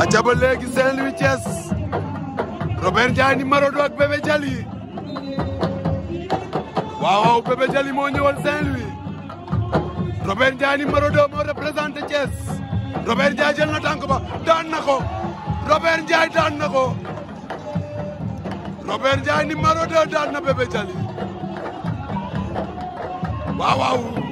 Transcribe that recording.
aca ba léegi Saint-Louis Thiès Robert Ndiaye ni Marodo ak Bébé Dialy waaw waaw Bébé Dialy moo ñëwal Saint-Louis Robert Ndiaye ni Marodo moo représenté Thiès Robert Ndiaye jël na tànk ba daan na ko Robert Ndiaye daan na ko Robert Ndiaye ni Marodo daan na Bébé Dialy waaw waaw